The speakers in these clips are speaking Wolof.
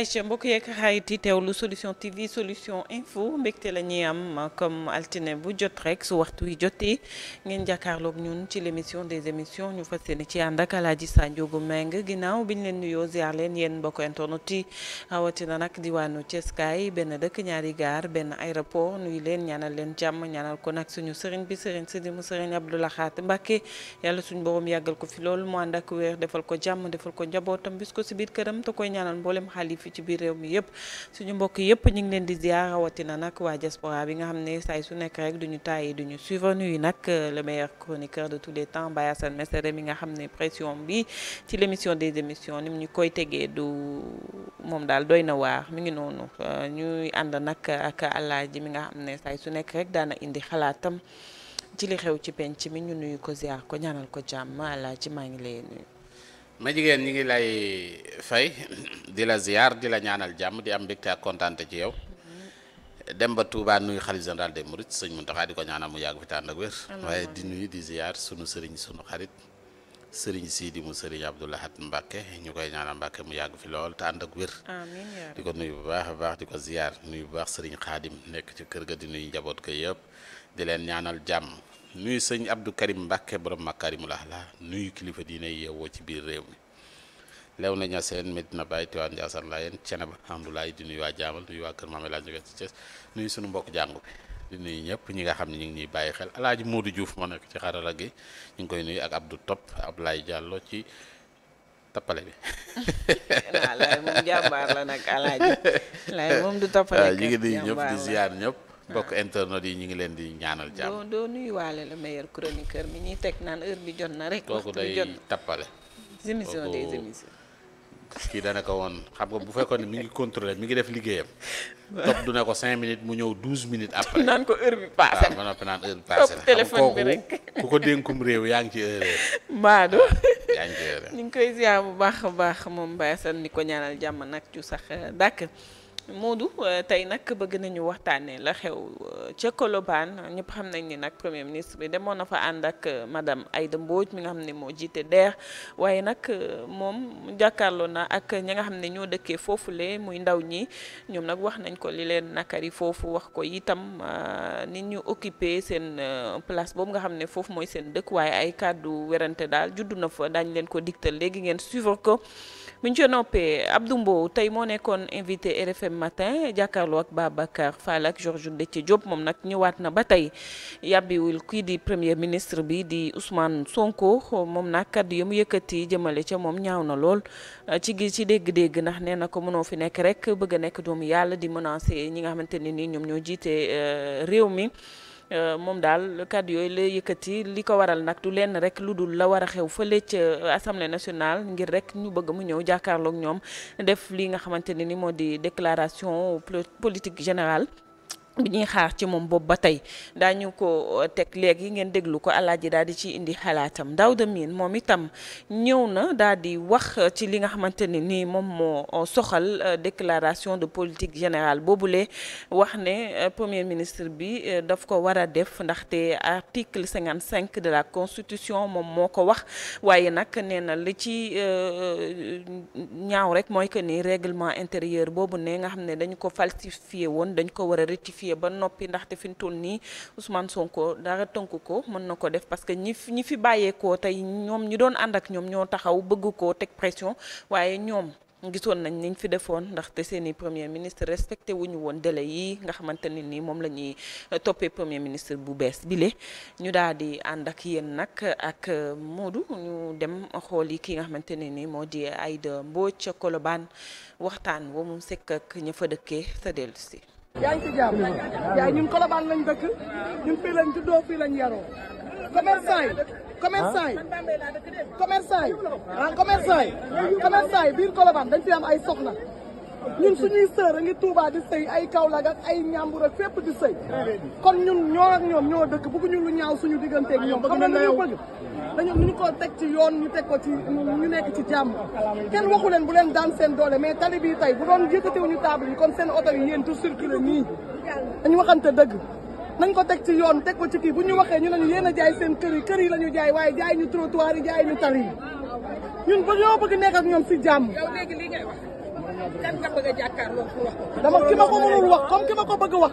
Aïcha mbokk yeeg xarit yi teewlu solution TV solution info mbégte la ñuy am comme altine bu jot rek su waxtu wi jotee ngeen jàkkaarloog ñun ci l' émission des émissions ñu fas yéene ci ànd ak El Hadj Sa Ndiogou Mbengue ginnaaw bi ñu leen nuyoo ziar leen yéen mbokk internet yi rawatina nag diwaanu Thiès kaay benn dëkk ñaari gaar benn aéroport nuy leen ñaanal leen jàmm ñanal ko nag suñu seriñ bi sëriñ Sidi mu sëriñ Abdou Lahat Mbacké yàlla suñ borom yàggal ko fi lool mu ànd defal ko jàmm ko njabootam ci biir réew mi yëpp suñu mbokk yëpp ñu ngi leen di ziar rawatina nag waa diaspora bi nga xam ne saay su nekk rek duñu tàyyi duñu suivre nuyu nag euh, le meilleur chroniqueur de tous les temps Baye Assane Mesere mi nga xam ne pression bi ci l' émission des émissions ni ñu koy tegee du moom daal doy na waar mi ngi noonu euh, ñuy ànd nag ak Alaaji mi nga xam ne saay su nekk rek daana indi xalaatam ci li xew ci penc mi ñu nuyu ko ziar ko ñaanal ko jàmm Alaaji maa ngi lay ma jigéen ñi ngi lay fay di la ziar di la ñaanal jàmm di am mbégte ak kontaante ci yow dem ba Touba nuyu xalif général des mourides sëñ Mountakha di ko ñaanal mu yàgg fi tànn ak waaye di nuyu di ziar sunu sëriñ sunu xarit sëriñ Sidi mu sëriñ Abdou Lahad Mbacke ñu koy ñaanal Mbacke mu yàgg fi lool tànn ak wér. amiin di ko nuyu bu baax a baax di ko ziar nuyu bu baax sëriñ Xaadim nekk ci kër ga di nuyu njaboot ko yëpp di leen ñaanal jàmm. nuyu sëñ Abdou Karim Mbacke borom Makarimul Ahla nuyu kilifa diine yeewoo ci biir réew mi lew na Ñaseen Medina Baye Tiwaan Njaasaan Laayeen Ceneba alhamdulilah di nuyu waa jaamal nuyu waa kër Maam El Hadj sunu mbokk jàngu bi di nuyu ñëpp ñi nga xam ne ñu ngi ñuy bàyyi xel El Hadj Modou Diouf moo nekk ci xarala gi ñu koy nuyu ak Abdou du tappale. jàmbaar la waaw ñu ngi di ñëpp. mbokk internet yi ñu ngi leen di ñaanal jàmm. doo doo nuyuwaale la meilleur chroniqueur mi ñuy teg naan heure bi jot na rek. waxtu bi jot na kooku day tappale. kii dana ko woon xam nga bu fekkoon ne mi ngi contrôler mi ngi def liggéeyam. du ne ko cinq minutes mu ñëw douze minutes après. naan ko heure bi passé na waaw naan heure bi passé na. téléphone bi rek ku ko dénkum réew yaa ngi ci heure maado yaa ngi ci heure ñu ngi koy ziar bu baax a baax moom Mbaye Assane di ko ñaanal jàmm nag ci sax dàkk. Modou euh, tey nag bëgg nañu waxtaanee la xew euh, ca Colobane ñëpp xam nañ ni nag premier ministre bi demoon na fa ànd ak euh, madame Aïda mbooj mi nga xam ne moo jiite DER waaye nag moom jàkkaarloo na ak ña nga xam ne ñoo dëkkee foofu lee muy ndaw ñi ñoom nag wax nañ ko li leen nakari foofu wax ko itam nit ñu occupé seen place boobu nga xam ne foofu mooy seen dëkk waaye ay kàddu werante daal juddu na fa dañ leen ko digtal léegi ngeen suivre ko bu ñu ci matin jàkkaarloo ak Babacar Fall ak jor de Déthié Diop moom nag ñëwaat na ba tey yàbbiwul kii di premier ministre bi di Ousmane Sonko moom naa kaddu yi mu yëkkati jëmale ca moom ñaaw na lool ci gi ci dégg-dégg ndax nee na ko mënoo fi nekk rek bëgg a nekk doomu yàlla di menacer ñi nga xamante ne ni ñoom ñoo jiite euh, réew mi. Euh, moom daal kàddu yooyu la yëkkati li ko waral nag du lenn rek lu dul la war a xew fële ca euh, assemblée nationale ngir rek ñu bëgg mu ñëw jàkkaarlook ñoom def li nga xamante ne ni moo di déclaration politique générale. bi ñuy xaar ci moom boobu ba tey daañu ko euh, teg léegi ngeen déglu ko alaaji daal di ci indi xalaatam Daouda Mine moom itam ñëw na daal di wax euh, ci li nga xamante ne nii moom moo euh, soxal déclaration de politique générale lee wax ne premier ministre bi daf ko war a def ndaxte article 55 de la constitution moom moo ko wax waaye nag nee na li ci ñaaw rek mooy que ni réglement intérieur boobu ne nga xam ne dañu ko falsifié woon dañ ko war a ba noppi ndaxte fi mu toll nii Ousmane Sonko dara tënk ko mën na ko def parce que ñi ñi fi bàyyeekoo tey ñoom ñu doon ànd ak ñoom ñoo taxaw bëgg ko teg pression waaye ñoom. gisoon nañ niñ fi defoon ndaxte seeni premier ministre respecté wuñu woon délai yi nga xamante ne ni moom la ñuy toppee premier ministre bu bees bile ñu daal di ànd ak yéen nag ak modu ñu dem xool yi ki nga xamante ne ni moo di Aïda Mbodj ca Colobane waxtaan wa mu sekk ak ña fa dëkkee sa dellu yaa ngi ci jàmm yaay ñun Colobane lañ dëkk ñun fii lañ juddoo fii lañ yaroo commerçant yi commerçant yi commerçant yi ah, biir Colobane dañ fi am ay soxna ñun suñuy sœur a ngi Touba di sëy ay Kaolack ak ay Ñambur ak fépp di sëy kon ñun ñoo ak ñoom ñoo dëkk bëgguñu lu ñaaw suñu diggante ak ñoom xam nga ñu bëgg dañu ñu teg ci yoon ñu teg ko ci ñu nekk ci jàmm kenn waxu leen bu leen daan seen doole mais tali bii tey bu doon yëkkatiwuñu table yi kon seen oto yi yéen tout circulé nii dañu waxante ko teg ci yoon teg ko ci kii bu ñu waxee ñu ne ñu yéen a jaay seen kër yi la ñu jaay waaye jaay ñu trottoir yi jaay ñu tali yi ñun ba ñoo bëgg nekk ak ñoom si jàmm kan nga a dama ki ma ko mënul wax comme ki ma ko bëgg wax.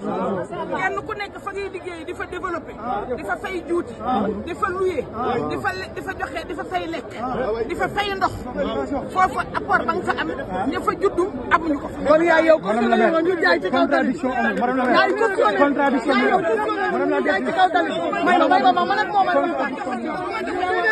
kenn ku nekk fa ngay liggéey di fa développé di fa fay juuti di fa luye di fa joxe di fa fay lekk di fa fay ndox foofu apport ba fa am ña fa juddu amuñu ko kon yaa yow kon la yow ñu jaay ci kaw tali yaa yow contradiction yaa yow contradiction yaa yow contradiction yaa yow contradiction yaa a contradiction yaa yow contradiction yaa yow contradiction yaa yow contradiction yaa yow contradiction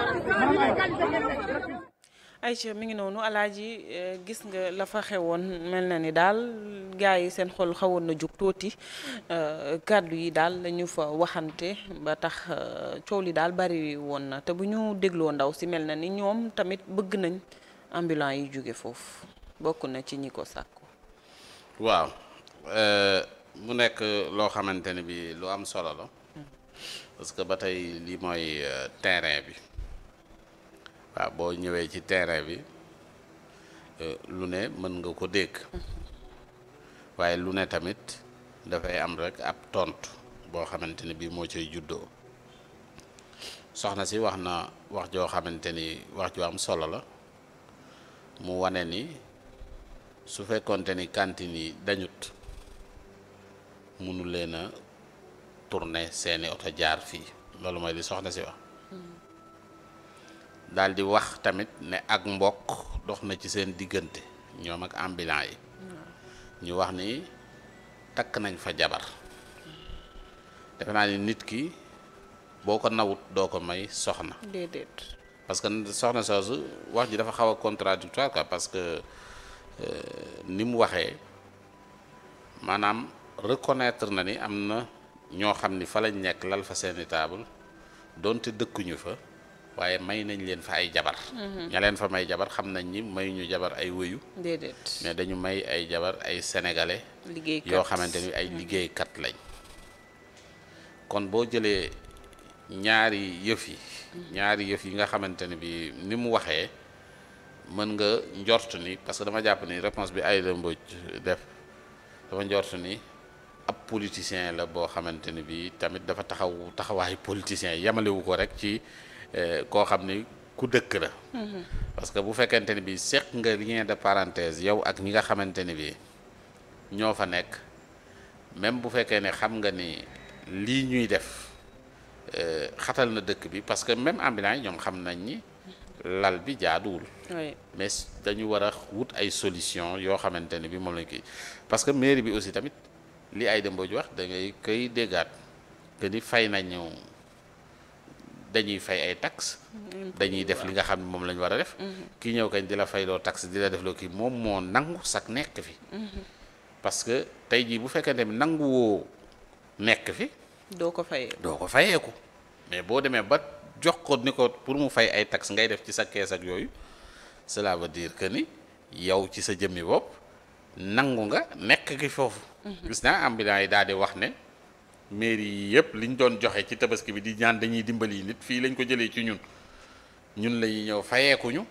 ayca mi ngi noonu alaaji eh, gis nga la fa xewoon mel na ni daal gars yi seen xol xawoon na jug tuuti eh, kàddu yi daal lañu fa waxante ba tax eh, coow li daal bari woon na te bu ñu dégloo ndaw si mel na ni ñoom tamit bëgg nañ ambulants yi jóge foofu bokk na ci ñi ko sàkku waaw mu nekk loo xamante ne bi lu am solo la mm-hmm. ba tey lii mooy terrain bi waaw boo ñëwee ci terrain bi euh, lu ne mën nga ko dégg waaye lu ne tamit dafay am rek ab tontu boo xamante ni bii moo cay juddoo soxna si wax na wax joo xamante ni wax ju am solo la mu wane ni su fekkonte ni cantine yi dañut mënu leen a tourner seeni oto jaar fii loolu mooy li soxna si wax. daal di wax tamit ne ak mbokk dox na ci seen diggante ñoom ak ambulant yi hmm. ñu wax ni takk nañ fa jabar defe naa ni nit ki boo ko nawut doo ko may soxna déedéet que soxna soosu wax ji dafa xaw a contradictoire quoi parce que euh, ni mu waxee maanaam reconnaître na ni am na ñoo xam ni fa lañ nekk lal fa seeni taabal donte dëkkuñu fa waaye may nañ leen fa ay jabar mhm. ñaleen leen fa may jabar xam nañ ni may ñu jabar ay wëyu mais dañu may ay jabar ay sénégalais liggéeykat yoo xamante ni ay mhm. liggéeykat lañ kon boo jëlee ñaari yëf yi mhm. ñaari yëf yi nga xamante ni bi ni mu waxee mën nga njort ni parce que dama jàpp ni réponse bi Aïda Mbodj def dama ni ab politicien la boo xamante ni bi tamit dafa taxaw taxawaayu politicien yamalewu ko rek ci Eh, koo xam ni ku dëkk la. parce que bu fekkente ni bi seq nga lien de parenthèse yow ak ñi nga xamante ni bi ñoo fa nekk même bu fekkee ne xam nga ni lii ñuy def eh, xatal na dëkk bi parce que même ambulant yi ñoom xam nañ ni lal bi jaaduwul. mais dañu war a wut ay solution yoo xamante ni bi moom lañ ki parce que mairie bi aussi tamit lii ay dëmboo ju wax da ngay koy déggaat que ni fay nañu. dañuy fay ay tax mm-hmm. dañuy def li nga xam ne moom lañ war a def. Mm-hmm. ki ñëw kañ di la fayloo taxe di la defloo loo kii moom moo nangu sax nekk fi. Mm-hmm. parce que tey jii bu fekkente ne nanguwoo nekk fi. doo ko fayee doo ko fayeeku mais boo demee ba jox ko ni ko pour mu fay ay taxes ngay def ci sa kees ak yooyu cela veut dire que ni yow ci sa jëmmi bopp nangu nga nekk gi foofu. gis naa ambulant yi daal di wax ne. mairie yi yëpp liñ doon joxe ci tabaski bi di ñaan dañuy dimbali nit fii lañ ko jëlee ci ñun ñun lañuy ñëw fayeekuñu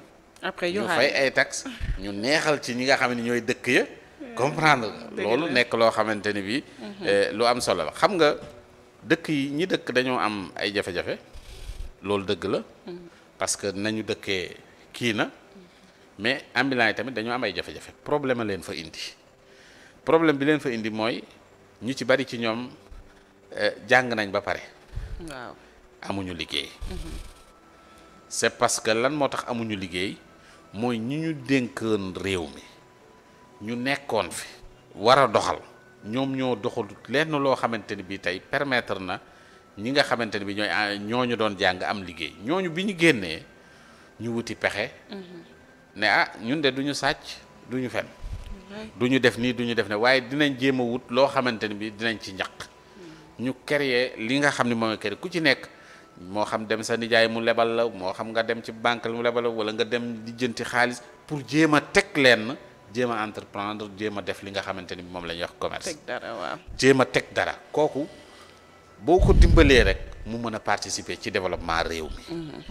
après ñu fay ay taxes ñu neexal ci ñi nga xam ne ñooy dëkk ya hmm. comprendre loolu nekk loo xamante ni bi hmm. eh, lu am solo la xam nga dëkk yi ñi dëkk dañoo am ay jafe-jafe loolu dëgg la hmm. parce que nañu dëkkee kii na mais ambulant yi tamit dañoo am ay jafe-jafe problème a leen fa indi problème bi leen fa indi mooy ñu ci bari ci ñoom Eh, jàng nañ ba pare. amuñu liggéey. Mm-hmm. c'est parce que lan moo tax amuñu liggéey mooy ñi ñu dénkoon réew mi ñu nekkoon fi. war a doxal ñoom ñoo doxalut lenn loo xamante ni bii tey permettre na ñi nga xamante ni bi ñooy ah, ñu doon jàng am liggéey ñooñu bi ñu génnee ñu wuti pexe. Mm-hmm. ne a ah, ñun de duñu sàcc duñu fen mm-hmm. duñu def nii duñu def ne waaye dinañ jéem a wut loo xamante ni bi dinañ ci ñaq. ñu créer li nga xam ne mooy créer ku ci nekk moo xam dem sa nijaay mu lebal la moo xam nga dem ci banque mu lebal la wala nga dem lijjanti xaalis pour jéem a teg leen jéem a entreprendre jéem a def li nga xamante ni moom la ñuy wax commerce. teg dara jéem a teg dara kooku boo ko dimbalee rek mu mën a participer ci développement réew mi. Mm-hmm.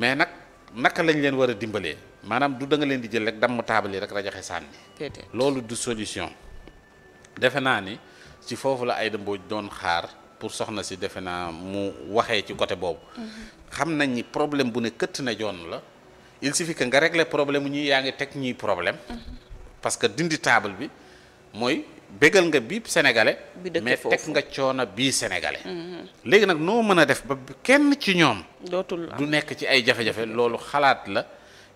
mais nag naka lañ leen war a dimbalee maanaam du danga leen di jël rek damm taabal yi rek rajaxe sànni. loolu du solution defe naa ni. ci foofu la Aïda Mbodj doon xaar pour soxna si defe naa mu waxee ci côté boobu. xam nañ ni problème bu ne këtt na joon la il suffit que nga régler problème ñi yaa ngi teg ñuy problème. parce que dindi table bi mooy bégal nga bi sénégalais. bi mais teg nga coono bii sénégalais. Mhm. léegi nag noo mën a def ba kenn ci ñoom. dootul du nekk ci ay jafe-jafe loolu xalaat la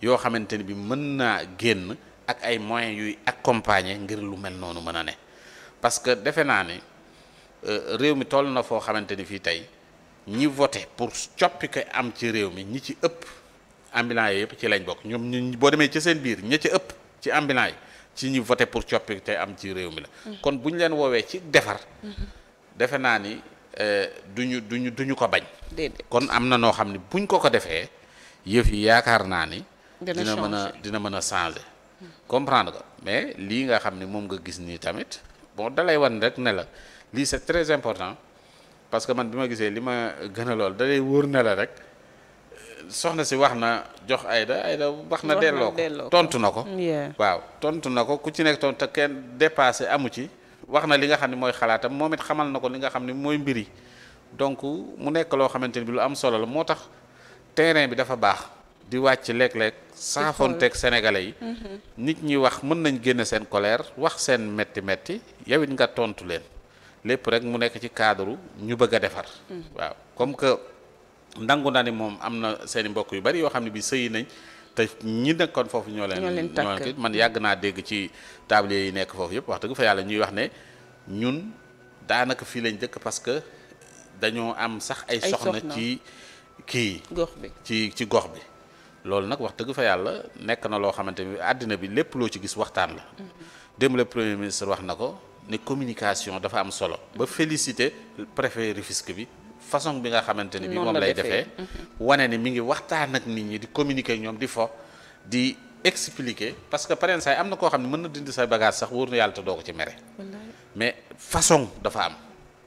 yoo xamante ni bi mën naa génn ak ay moyens yuy accompagner ngir lu mel noonu mën a ne. parce que defe naa ne euh, réew mi toll na foo xamante ni fii tey ñi voté pour coppite am ci réew mi ñi ci ëpp ambulant yi yëpp ci lañ bokk ñoom ñu boo demee ci seen biir ña ci ëpp ci ambulant yi ci ñi voté pour coppite am ci réew mi la. Mm-hmm. kon bu ñu leen woowee ci defar. Mm-hmm. defe naa ni euh, duñu duñu duñu ko bañ. kon am na noo xam ne buñ ko ko defee yëf yi yaakaar naa ni. dina mën a dina mën a changer. comprendre nga mais lii nga xam ne moom nga gis nii tamit. bon dalay wan rek ne la lii c'est très important parce que man bi ma gisee li ma gën a lool dalay wóor ne la rek soxna si wax na jox ayda Aïda wax na delloo ko tontu na ko waaw tontu na ko ku ci nekk tontu kenn dépassé amu ci wax na li nga xam ne mooy xalaatam moom it xamal na ko li nga xam ne mooy mbir yi donc mu nekk loo xamante ni bi lu am solo la moo tax terrain bi dafa baax di wàcc léeg-léeg saafoonteeg sénégalais yi mhm. nit ñi wax mën nañ génne seen colère wax seen metti metti yow it nga tontu leen lépp rek mu nekk ci cadre ñu bëgg a defar mhm. waaw comme que ndangu naa ni moom am na seen i mbokk yu bari yoo xam ne bi sëyi nañ te ñi nekkoon foofu ñoo leen leen takk man yàgg naa dégg ci tablier yi nekk foofu yëpp wax dëgg fa yàlla ñuy wax ne ñun daanaka fii lañ dëkk parce que dañoo am sax ay soxna ci kii gox ci gox bi loolu nag wax dëgg fa yàlla nekk na loo xamante ni àddina bi lépp loo ci gis waxtaan la démb le premier ministre wax na ko ni communication dafa am solo ba féliciter préfet Rufisque bi façon bi nga xamante ni bi moom lay defee wane ni mi ngi waxtaan ak nit ñi di communiquer ñoom di fo di expliquer parce que pareen saay am na koo xam ne mën na dindi sa bagage sax wóor na yàlla doo ko ci mere mais façon dafa am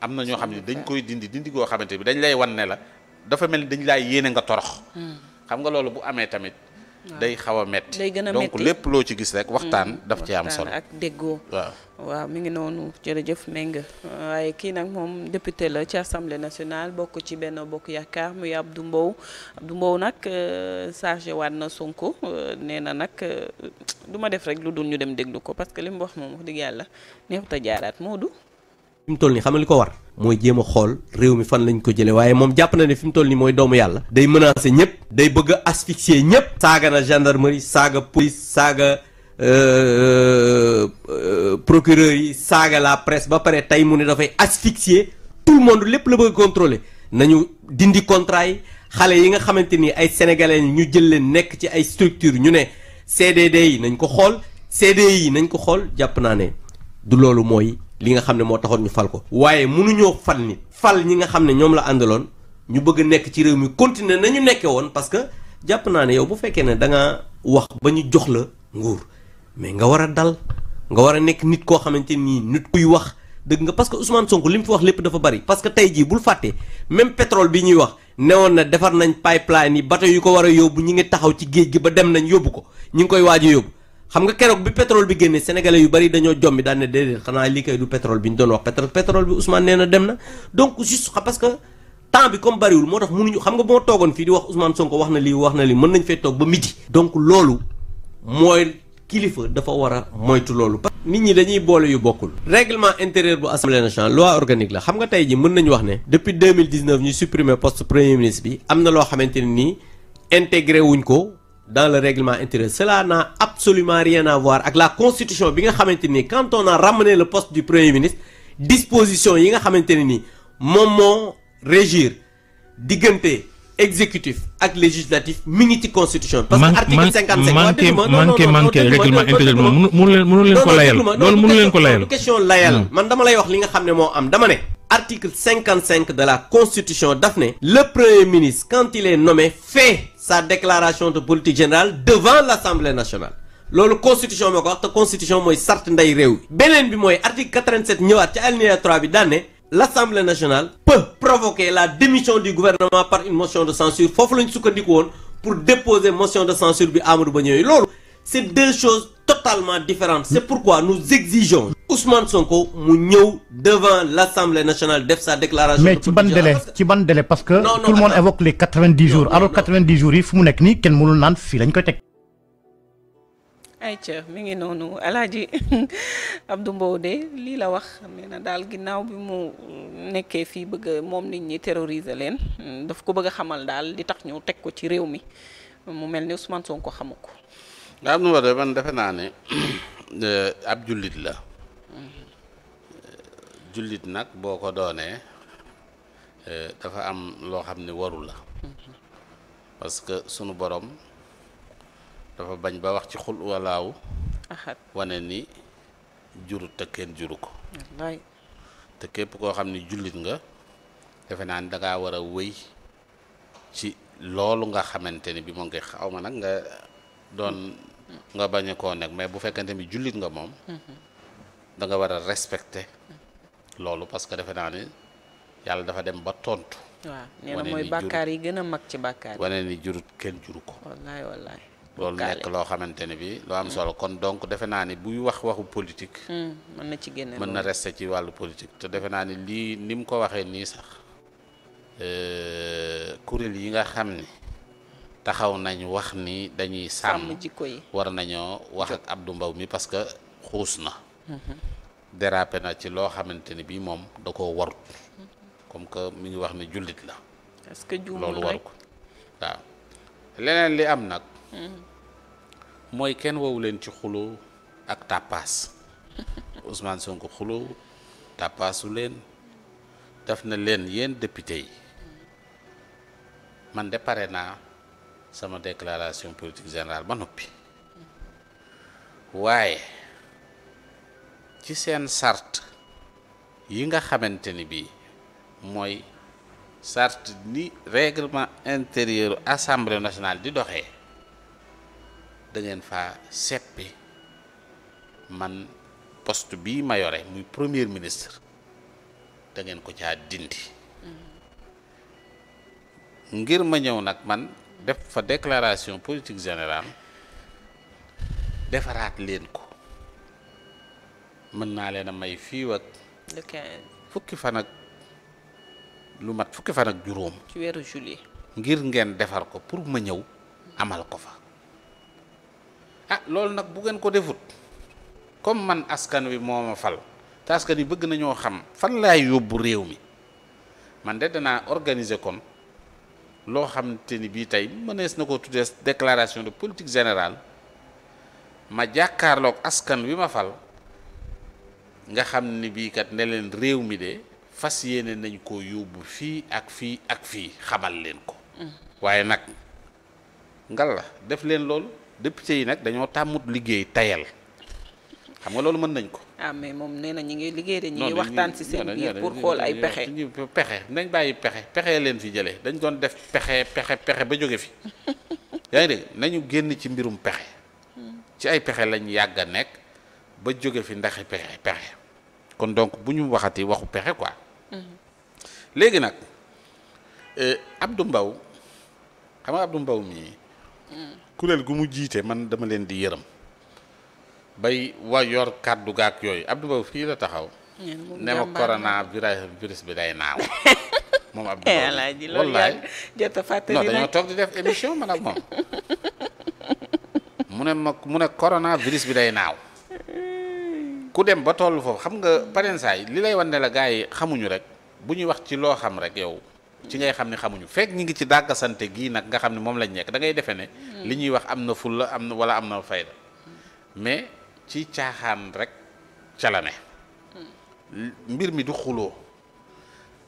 am na ñoo xam ne dañ koy dindi dindi koo xamante bi dañ lay wan ne la dafa mel ni dañ laay yéene nga torox hmm. xam nga loolu bu amee tamit. day xaw a metti day gën a metti donc lépp loo ci gis rek waxtaan mm. daf ci am solo ak déggoo waaw waaw mi ngi noonu jërëjëf Mbengue waaye kii nag moom député la ci assemblée nationale bokk ci Benno Bokk Yaakaar muy Abdou Mbow du Mbow nag euh, chargé waat na Sonko euh, nee na nag euh, du ma def rek lu dul ñu dem déglu ko parce que li mu wax moom wax dëgg yàlla neexut a jaaraat Modou fi mu xam nga ko war mooy jéema xool réew mi fan lañ ko jëlee waaye moom jàpp na ne fi mu toll nii mooy doomu yàlla day menacer ñëpp day bëgg a asphyxier ñëpp saaga na gendarmerie saaga police saaga euh, euh, procureur yi saaga la presse ba pare tey mu ne dafay asphyxier tout le monde lépp la bëgg contrôler nañu dindi contrat yi xale yi nga xamante ni ay sénégalais ñu jël leen nekk ci ay structure ñu ne CDD yi nañ ko xool CDI yi nañ ko xool jàpp naa ne li nga xam ne moo taxoon ñu fal ko waaye mënuñoo fal nit fal ñi nga xam ne ñoom la àndaloon ñu bëgg nekk ci réew mi continuer nañu nekkee woon parce que jàpp naa ne yow bu fekkee ne da nga wax ba ñu jox la nguur mais nga war a dal nga war a nekk nit koo xamante nii nit kuy wax dëgg nga parce que Ousmane Sonko li mu fi wax lépp dafa bari parce que tey jii bul fàtte même petrol bi ñuy wax newoon na defar nañ pipeline yi bateau yu ko war a yóbbu ñi ngi taxaw ci géej gi ba dem nañ yóbbu ko ñi ngi koy waaj a yóbbu xam nga keroog bi pétrole bi génnee sénégalais yu bari dañoo jombi daan ne déedéet xanaa lii kay du pétrole bi ñu doon wax pétrole pétrole bi Ousmane nee dem na donc juste parce que temps bi comme bariwul moo tax mënuñu xam nga boo toogoon fii di wax Ousmane Sonko wax na lii wax na lii mën nañ fay toog ba midi. donc loolu kilifa dafa war a moytu loolu. nit ñi dañuy boole yu bokkul. règlement intérieur bu assemblée nationale loi organique la xam nga tey ji mën nañu wax ne. depuis 2019 ñu supprimer poste premier ministre bi am na loo xamante ne nii intégré wuñ ko. dans le règlement intérieur cela n'a absolument rien à voir ak la constitution bi nga xamante ni quand on a ramené le poste du premier ministre disposition yi nga xamante ne ni moom moo régir diggante exécutif ak législatif mi ngi ci constitution. parce que article cinquante cinq manqué manqué manqué règlement intérieur mënu leen mënu leen ko layal loolu mënu leen ko layal man dama lay wax li nga xam ne moo am dama ne. article 55 de la constitution daf ne le premier ministre quand il est nommé fait sa déclaration de politique générale devant l'Assemblée nationale loolu constitution moo ko wax te constitution mooy sart ndey réew bi beneen bi mooy article 87 ñëwaat ci alinéa bi daan l'Assemblée nationale peut provoquer la démission du gouvernement par une motion de censure foofu la ñu sukkandiku woon pour déposer motion de censure bi Amadou Ba ñëwee loolu c'est deux choses totalement différente c'est pourquoi nous exigeons Ousmane Sonko mu ñëw devant l'Assemblée nationale def sa déclaration mais ci ban délai ci ban délai parce que non, non, tout le monde évoque les 90 jours non, alors 90 jours yi fu mu nekk nii kenn mënul naan fii lañ koy teg ay ca mi ngi noonu alaaji Abdou Mbow de lii la wax nee na daal ginnaaw bi mu nekkee fii bëgg moom nit ñi terroriser leen daf ko bëgg a xamal daal li tax ñu teg ko ci réew mi mu mel ni Ousmane Sonko xamu ko nga am na man defe naa ne eh, ab jullit la eh, jullit nag boo ko doonee eh, dafa am loo xam ne waru la parce que sunu boroom dafa bañ ba wax ci xul walaaw wane ni jurut te kenn juru ko te képp koo xam ne jullit nga defe naa ni danga war a wéy ci loolu nga xamante ni bi moom nga xaw ma nag nga doon nga bañ koo nekk mais bu fekkente ni jullit nga moom. da nga war a respecter loolu parce que defe naa ni yàlla dafa dem ba tontu. waaw nee mooy bàkkaar yi gën a mag ci bàkkaar yi. ni jurut kenn juru ko. wallaay loolu nekk loo xamante ne bi loo am solo kon donc defe naa ni buy wax waxu politique. Hmm, mën na ci génne mën na rester ci wàllu politique te defe naa ni lii ni mu ko waxee nii sax euh, kuréel yi nga xam ni. taxaw nañ wax ni dañuy sàmm jikko yi war nañoo wax ak Abdou Mbow mi parce que xuus na mm-hmm. dérapé na ci loo xamante ni bii moom da ko warut mm-hmm. comme que mi ngi wax ni jullit la est-ce que loolu waru ko waaw leneen li am nag mm-hmm. mooy kenn woowu leen ci xuloo ak tàppaas Ousmane Sonko xuloo tàppaasu leen daf na leen yéen député yi man de pare naa sama déclaration politique générale ba noppi waaye ci seen sart yi nga xamante ni bii mooy sart ni règlement intérieur assemblée nationale di doxee dangeen ngeen faa seppi man post bii ma yore muy premier ministre da ngeen ko caa dindi mm-hmm. ngir ma ñëw nag man def fa déclaration politique général defaraat leen ko mën naa leen a may fii ak. fukki fan ak lu mat fukki fan ak juróom. ci weeru juillet. ngir ngeen defar ko pour ma ñëw amal ko fa ah loolu nag bu ngeen ko defut comme man askan wi moom ma fal te askan wi bëgg nañoo xam fan laay yóbbu réew mi man de danaa organiser kon. loo xam xamante ni bii tey mënees na ko tuddee déclaration de politique général ma jàkkaarlook askan wi ma fal nga xam ni bii kat ne leen réew mi de fas yéene nañ ko yóbbu fii ak fii ak fii xamal leen ko. Mm. waaye nag ngal la def leen loolu député yi nag dañoo tàmmut liggéey tayal xam nga loolu mën nañ ko. ah mais moom nee na ñi ngi liggéey de ñi ngi waxtaan ci seen biir pour xool ay pexe ñu pexe nañ bàyyi pexe pexe leen fi jëlee dañ doon def pexe pexe pexe ba jóge fi yaa ngi dégg nañu génn ci mbirum pexe ci ay pexe lañu yàgg a nekk ba jóge fi ndaxi pexe kon donc bu ñu waxati waxu pexe quoi mm-hmm. léegi nag eh, Abdou Mbow xam nga Abdou Mbow mii mm. kuréel gu mu jiite man dama leen di yërëm bay wa kàddu gaak yooyu Abdou Mbow fii la taxaw. ne ma corona virus bi day naaw. moom Abdou eh, Mbow wallaay jot a fàttali dañoo toog def émission man ak moom mu ne ma mu corona virus bi day naaw. ku dem ba tollu foofu xam nga parensaay li lay wan ne la gars yi xamuñu rek bu ñuy wax ci loo xam rek yow ci ngay xam ne xamuñu fekk ñi ngi ci dàggasante gii nag nga xam ne moom lañ nekk da ngay defee ne. Mm. li ñuy wax am na fulla am na wala am na fayda mais. ci caaxaan rek ca la mbir mi du xuloo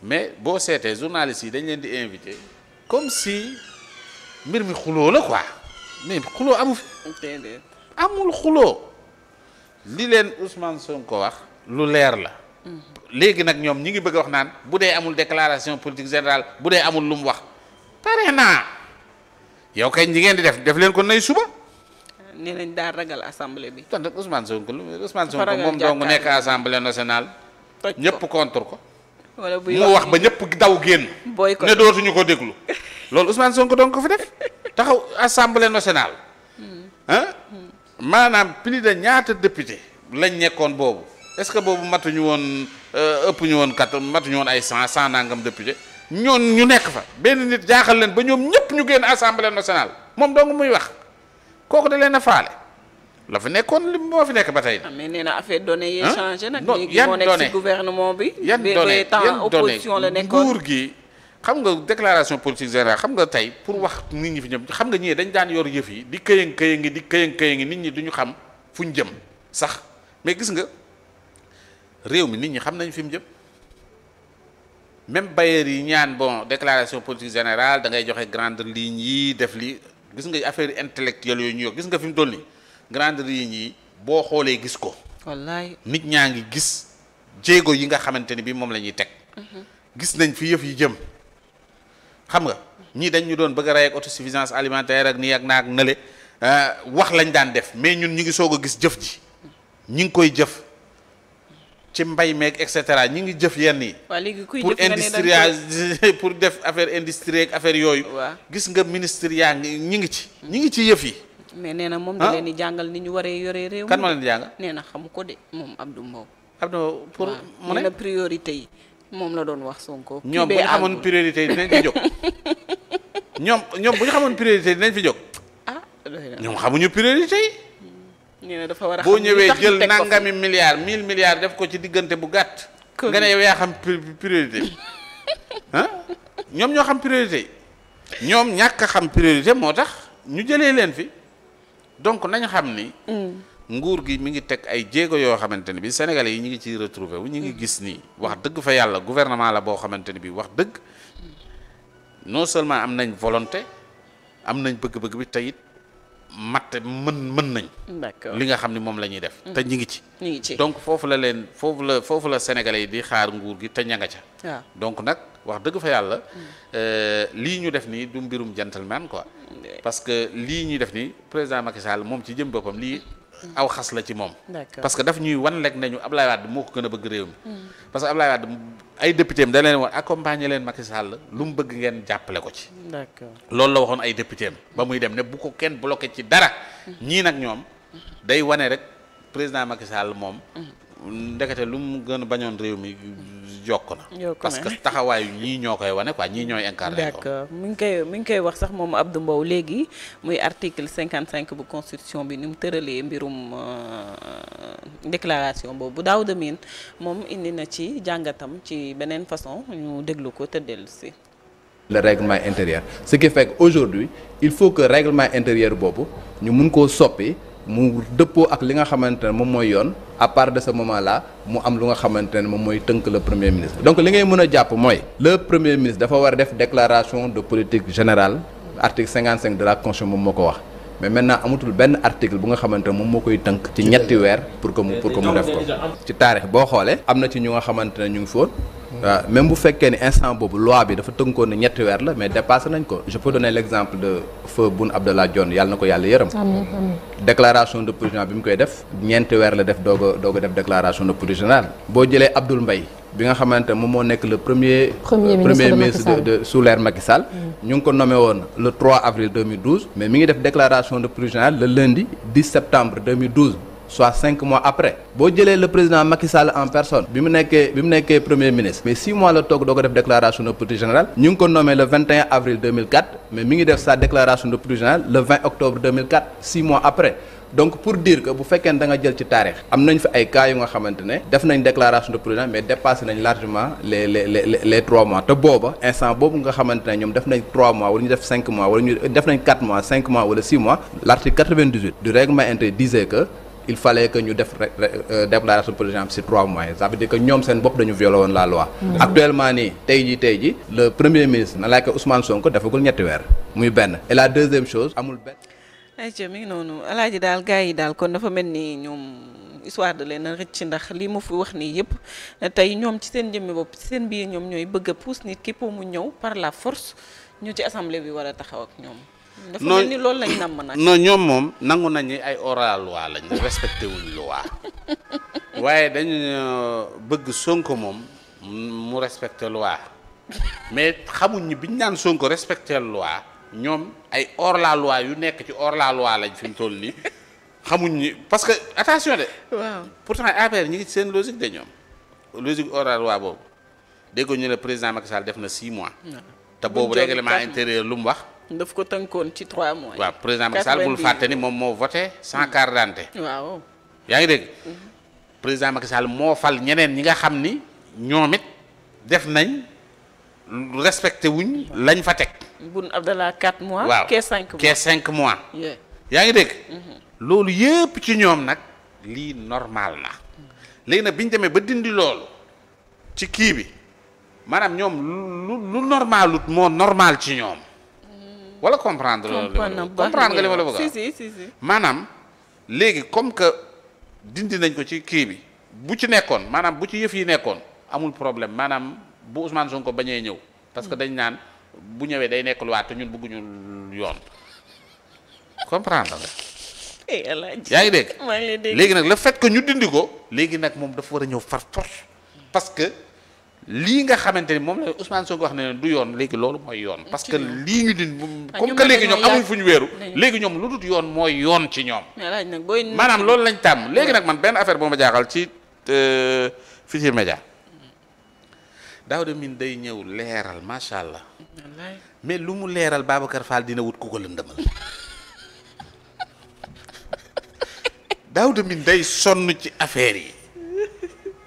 mais boo seetee journalistes yi dañ leen di invité comme si mbir mi xuloo la quoi mais xuloo amu fi amul xuloo li leen Ousmane ko wax lu leer la léegi nag ñoom ñi ngi bëgg a wax naan bu dee amul déclaration politique générale bu dee amul lu mu wax pare naa yow kay ñi ngeen di def def leen ko nay suba nee nañ daa ragal assemblée bi. kon nag Ousmane Sonko Ousmane Sonko moom dong nekk assemblée nationale. toj ko ñëpp contre ko. wala buy mu wax ba ñëpp daw génn. booy ko ne dootuñu ko déglu. loolu Ousmane Sonko dong ko fi def taxaw assemblée nationale. ah maanaam plus ñaata député lañ nekkoon boobu est-ce que boobu matuñu woon euh, ëpp ñu woon kat matuñu woon ay cent cent nangam député ñoon ñu nekk fa benn nit jaaxal leen ba ñoom ñëpp ñu génn assemblée nationale moom dong muy wax. kooku da leen a faale la fi nekkoon li moo fi nekk ba tey. Ah, mais nee na affaire données yi changé nag. non yan données léegi moo nekk ci gouvernement bi. yan données yan gi. xam nga déclaration politique générale xam nga tey pour wax nit ñi fi ñëpp xam nga ñii dañ daan yor yëf yi di këyang këyangi di këyang këyangi nit ñi duñu xam fu ñu jëm sax mais gis nga réew mi nit ñi xam nañ fi mu jëm même bailleurs yi ñaan bon déclaration politique général da ngay joxe grande ligne yi def li gis nga affaire intellectuelle yooyu ñuy wax gis nga fi mu toll nii grande réunion boo xoolee gis ko. wallaay nit ñaa ngi gis jéego yi nga xamante ni bi moom la ñuy teg. Mhm. gis nañ fi yëf yi jëm xam nga ñii dañ doon bëgg a rey ak autosuffisance alimentaire ak nii ak naag nële euh, wax lañ daan def mais ñun ñu ngi soog a gis jëf ji ñu ngi koy jëf. ci mbay meeg et cetera ñi ngi jëf yenn yi. waa léegi kuy pour industrial pour def affaire industrie ak affaire yooyu. gis nga ministre yaa ngi ñi ngi ci. ñi ngi ci yëf yi. mais nee na moom da ah? leen di jàngal ni ñu waree yore réew. kan ma nee na xamu ko de moom Abdou Mbow. Abdou pour mu ne priorité yi moom la doon wax Sonko. ñoom bu ñu xamoon priorité yi dinañ fi jóg. ñoom ñoom bu ñu xamoon priorité yi dinañ fi jóg. Ah, ñoom xamuñu priorité yi. dafa war a boo ñëwee jël nangami milliards mille milliards def ko ci diggante bu gàtt. nga ne yow yaa xam priorité bi ah ñoom ñoo xam priorité ñoom ñàkk a xam priorité moo tax ñu jëlee leen fi donc nañ xam ni. Mm. nguur gi mi ngi teg ay jéego yoo xamante ne bi sénégal yi ñu ngi ciy retrouvé wu ñu ngi gis nii wax dëgg fa yàlla gouvernement la boo xamante ne bi wax dëgg non seulement am nañ volonté am nañ bëgg-bëgg bi teyit matt mën mën nañ. li nga xam ni moom la ñuy def. Mm-hmm. te ñu ngi ci. ci donc foofu la leen foofu la foofu la sénégalais yi di xaar nguur gi te ña nga ca. waaw ah. donc nag wax dëgg fa yàlla. Mm. Euh, lii ñu def nii du mbirum gentleman quoi. Mm, parce que lii ñuy def nii président Macky Sall moom ci jëm boppam lii. aw xas la ci moom. parce que daf ñuy wan lekk nañu Ablaye Wade moo ko gën a bëgg réew mi. Hmm. parce que Ablaye Wade ay député am da leen woon accompagner leen Macky Sall lu mu bëgg ngeen jàppale ko ci. loolu la waxoon ay député ba muy dem ne bu ko kenn bloqué ci dara. Hmm. ñii nag ñoom day wane rek président Macky Sall moom. Hmm. ndekete lu mu gën bañoon réew mi jokk na parce que taxawaayu ñii ñoo koy wane quoi ñii ñooy incarné d'accord mi ngi koy mi ngi koy wax sax moom Abdou Mbow léegi muy article 55 bu constitution bi ni mu tëralee mbirum euh, déclaration boobu Daouda Mine moom indi na ci jàngatam ci beneen façon ñu déglu ko te dellu si le règlement intérieur ce qui fait qu'aujourd'hui il faut que règlement intérieur boobu ñu mun koo soppi mu dëppoo ak li nga xamante ne moom mooy yoon à part de ce moment là mu am lu nga xamante ne moom mooy tënk le premier ministre donc li ngay mën a jàpp mooy le premier ministre dafa war a def déclaration de politique générale article 55 de la constitution moom moo ko wax mais maintenant amatul benn article bu nga xamante ne moom moo koy tënk ci ñetti weer pour que mu pour que mu def ko ci taarix boo xoolee am na ci ñu nga xamante ne ñu ngi foon waaw même bu fekkee ne instant boobu loi bi dafa tënkoon ne ñetti weer la mais dépassé nañ ko je peux donner l' exemple de feu Boun Abdallah Dionne yàlla na ko yàlla yërëm déclaration de politique générale bi mu koy def ñeenti weer la def doog a doog a def déclaration de politique générale boo jëlee Abdoul mbay bi nga xamante moom moo nekk le premier premier ministre de sous l'ère Macky Sall mm. ñu ngi ko nommé woon le 3 avril 2012 mais mi ngi def déclaration de politique générale le lundi 10 septembre 2012 soit cinq mois après boo jëlee le président Macky Sall en personne bi mu nekkee bi mu nekkee premier ministre mais six mois la toog doo ko def déclaration de politique ñu ngi ko nommé le 21 avril 2004 mais mi ngi def sa déclaration de politique générale le 20 octobre 2004 six mois après donc pour dire que bu fekkee da nga jël ci taarix am nañ fi ay cas nga xamante ne def nañ déclaration de président mais dépassé nañ largement nga xamante ne ñoom def nañ trois mois wala ñu def cinq mois wala ñu def nañ quatre mois cinq mois wala six mois il fallait que ñu def euh, déclaration président ci trois mois ça veut que ñoom seen bopp dañu violé woon la loi mm. actuellement nii tey ji tey ji le premier ministre na laay ko Ousmane Sonko defagul ñetti weer muy benn et la deuxième chose amul benn ayca mi ngi noonu alaaji daal gars yi daal kon dafa mel ni ñoom histoire de leen a rëcc ndax lii mu fi wax nii yëpp tey ñoom ci seen jëmmi bopp ci seen biir ñoom ñooy bëgg a pouse nit képpoo mu ñëw par la force ñu ci assemblée bi war a taxaw ak ñoom dafa mel ni loolu lañ namm nag non ñoom moom nangu nañu ay oral loi lañ respecté wuñ loi waaye dañu euh, bëgg Sonko moom mu respecté loi mais xamuñ ni biñ naan Sonko respecté loi ñoom ay hors la loi yu nekk ci hors la loi lañ fi mu toll nii xamuñ ni parce que attention de. waaw pourtant APR ñi ngi ci seen logique de ñoom logique hors la loi boobu déggoo ñu ne président Macky Sall def na six mois. te boobu règlement intérieur lu mu wax. daf ko tënkoon ci 3 mois. waaw président Macky Sall bul fàtte ni moom moo voté sans mm-hmm. carte d'identité. waaw yaa ngi dégg. Mm-hmm. président Macky Sall moo fal ñeneen ñi nga xam ni ñoom it def nañ respecté wuñ lañ fa teg. Boun Abdallah 4 mois. waaw kee 5 mois kee mois. yaa ngi dégg. Mm-hmm. loolu yëpp ci ñoom nag lii normal na léegi nag bi ñu demee ba dindi loolu ci kii bi maanaam ñoom lu lu normalut moo normal ci ñoom. wala comprendre loolu comprendre nga li ma la bëgg maanaam léegi comme que dindi nañ ko ci kii bi bu ci nekkoon maanaam bu ci yëf yi nekkoon amul problème maanaam bu Ousmane Sonko bañee ñëw parce que mm. dañ naan bu ñëwee day nekk lu waat te ñun bëgguñu yoon comprendre nga eh, yaa ngi dégg léegi nag la fait que ñu dindi ko léegi nag moom dafa war a ñëw far force parce que lii nga xamante ni moom la Ousmane Sonko wax ne du yoon léegi loolu mooy yoon. parce que lii ñu din ah, comme que léegi ñoom fu ñu wéeru. léegi ñoom lu dul yoon mooy yoon ci ñoom. maanaam loolu lañ tàmm léegi nag man benn affaire boo ma jaaxal ci euh, Futurs Médias Daouda Mine day ñëw leeral macha allah. mais lu mu leeral Babacar Fall dina wut ku ko lëndëmal. Daouda Mine day sonn ci affaire yi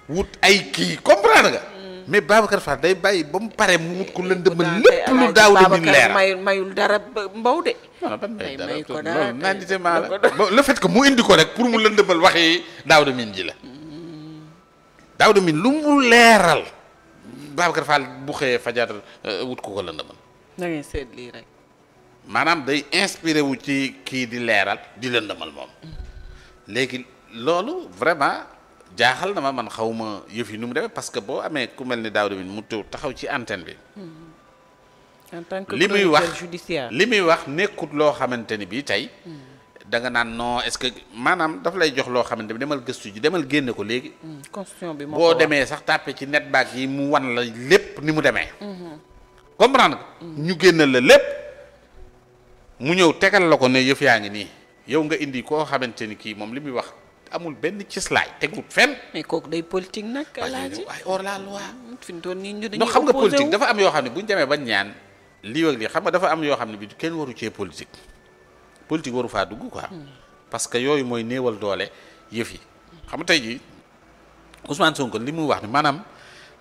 wut ay kii comprendre nga. mais Babacar Fall day bàyyi ba mu pare mu wut ko lëndëmal lépp lu daaw di ñu leer mayul mayul dara mbaw de. ah ban may dara loolu la le ko mu indi ko rek pour mu lëndëmal waxi daaw de min ji la. daaw de min lu mu leeral Babacar Fall bu xëyee fajar euh, wut ko ko lëndëmal. da ngay seet lii rek. maanaam day inspiré wu ci kii di leeral di lëndëmal moom léegi loolu vraiment. jaaxal na ma man xaw ma yëf yi nu mu demee parce que boo amee ku mel ni Daouda Mine mu taxaw ci antenne bi. en tant que li muy wax li muy wax nekkut loo xamante ni bii tey. danga naan non est-ce que maanaam daf lay jox loo xamante ni demal gëstu ji demal génne ko léegi. Hmm, constitution bi moo boo demee sax tàppe ci net baag yi mu wan la lépp ni mu demee. comprendre hmm. ñu génn la lépp mu ñëw tegal la ko ne yëf yaa ngi nii yow nga indi koo xamante kii moom li muy wax. amul benn cislaay tegut fenn. mais kooku dey politique nag. alaaji waaye hors la loi. Mm, fi mu nii ñu dañuy xam nga politique dafa am yoo xam ne bu ñu demee ba ñaan lii ak lii xam nga dafa am yoo xam ne bi kenn waru cee politique politique waru faa dugg ko hmm. parce que yooyu mooy néewal doole yëf yi. xam nga tey jii Ousmane Sonko li mu wax ni maanaam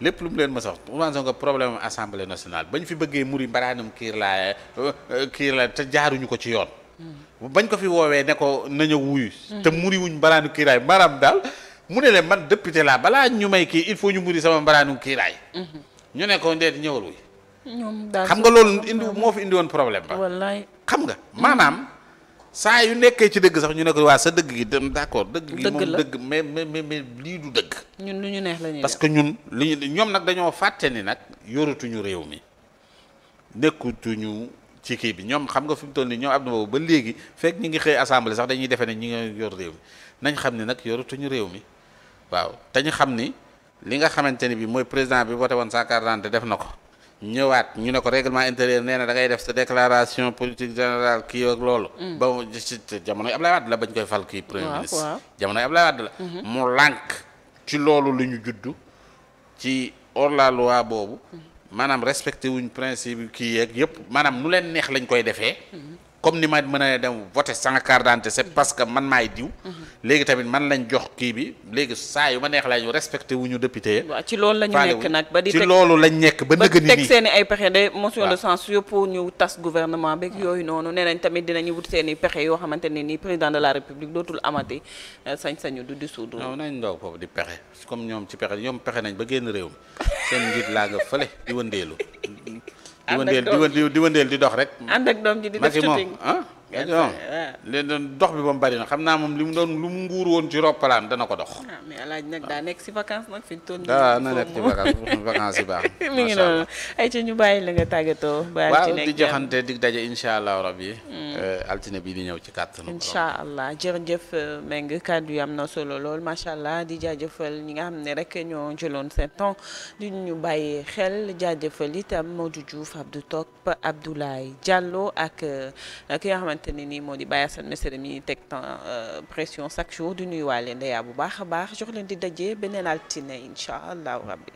lépp lu mu leen ma sax Ousmane Sonko problème assemblée nationale bañ fi bëggee muri mbaraanam kiir laa euh, euh, kiir la te jaaruñu ko ci yoon. Hmm. bañ ko fi woowee ne ko nañu wuyu. te mhm. muri wuñ mbaraanu kiiraay maanaam daal mu ne leen man député laa balaa ñu may kii il faut ñu muri sama mbaraanu kiiraay. Mhm. ñu ne ko ndeet ñëwal wuy xam nga loolu indi moo fi indi woon problème ba. wallaay xam nga maanaam. saa yu nekkee ci dëgg sax ñu ne ko waa sa dëgg gi dem d'accord dëgg gi moom dëgg mais mais lii du dëgg ñun lu ñu neex la ñuy que ñun li ñoom nag dañoo fàtte ni nag yoratuñu réew mi nekkutuñu ci kii bi ñoom xam nga fi mu toll nii ñoom Abdou Mbow ba léegi fekk ñi ngi xëy assemblée sax dañuy defe ne ñi ngi yor réew mi nañ xam ne nag yorutuñu réew mi waaw te xam ni li nga xamante ni bi mooy président bi woote woon cent quarante def na ko ñëwaat ñu ne ko règlement intérieur nee na da ngay def sa déclaration politique général kii ak loolu mm. ba jamono jamonoy Ablaye Wade la bañ koy fal kii premier ministre jamonoy Ablaye Wade la mm-hmm. mu lànk ci loolu lu ñu judd ci hors boobu mm-hmm. maanaam respecté wuñ principe kii yeeg yëpp maanaam nu leen neex lañ koy defee comme ni ma mën a dem voté sama carte d'identité c'est parce que man maay diw. Mhm. léegi tamit man lañ jox kii bi léegi saa yu ma neex laa ñu respecté wu ñu député. waaw ci loolu la ñu nekk nag ba di teg ci loolu lañ nekk ba nëgëni nii ba ay pexe de motion de censure pour ñu tas gouvernement beeg yooyu noonu nee nañ tamit dinañu wut seen i pexe yoo xamante ne nii président de la république dootul amati euh, sañ-sañu du dissoudre. non nañ doog foofu di pexe comme ñoom ci pexe ñoom pexe nañ ba génn réew mi seen njiit laa nga fële di wëndeel di wëndeel di dox rek. ànd ak doom ji di def shooting Macky moom ah. non léegi dox bi ba mu bari na xam naa moom li mu doon lu mu nguur woon ci roppalaan dana ko dox. Ah, mais Alaaji nag daa nekk si vacance nag fi mu toll nii. waaw na nekk ci vacance vacance ñu bàyyi la nga tàggatoo. ba ci nekk waaw di joxante di daje incha allah rabbi. Hmm. Eh, altine bii di ñëw ci kàttanu. incha allah jërëjëf eh, Meng kàddu yi am na solo lool macha allah di jaajëfal ñi nga xam ne rek ñoo jëloon seen temps di ñu bàyyi xel jaajëfal itam Modou Diouf Abdou Top Abdoulaye Diallo ak eh, ki nga xamante te ne nii moo di Baye Assane Mesere mi teg temps euh, pression chaque jour di nuyuwaale ndeyaa bu baax a baax jox leen di daje beneen altine incha allahu rabbi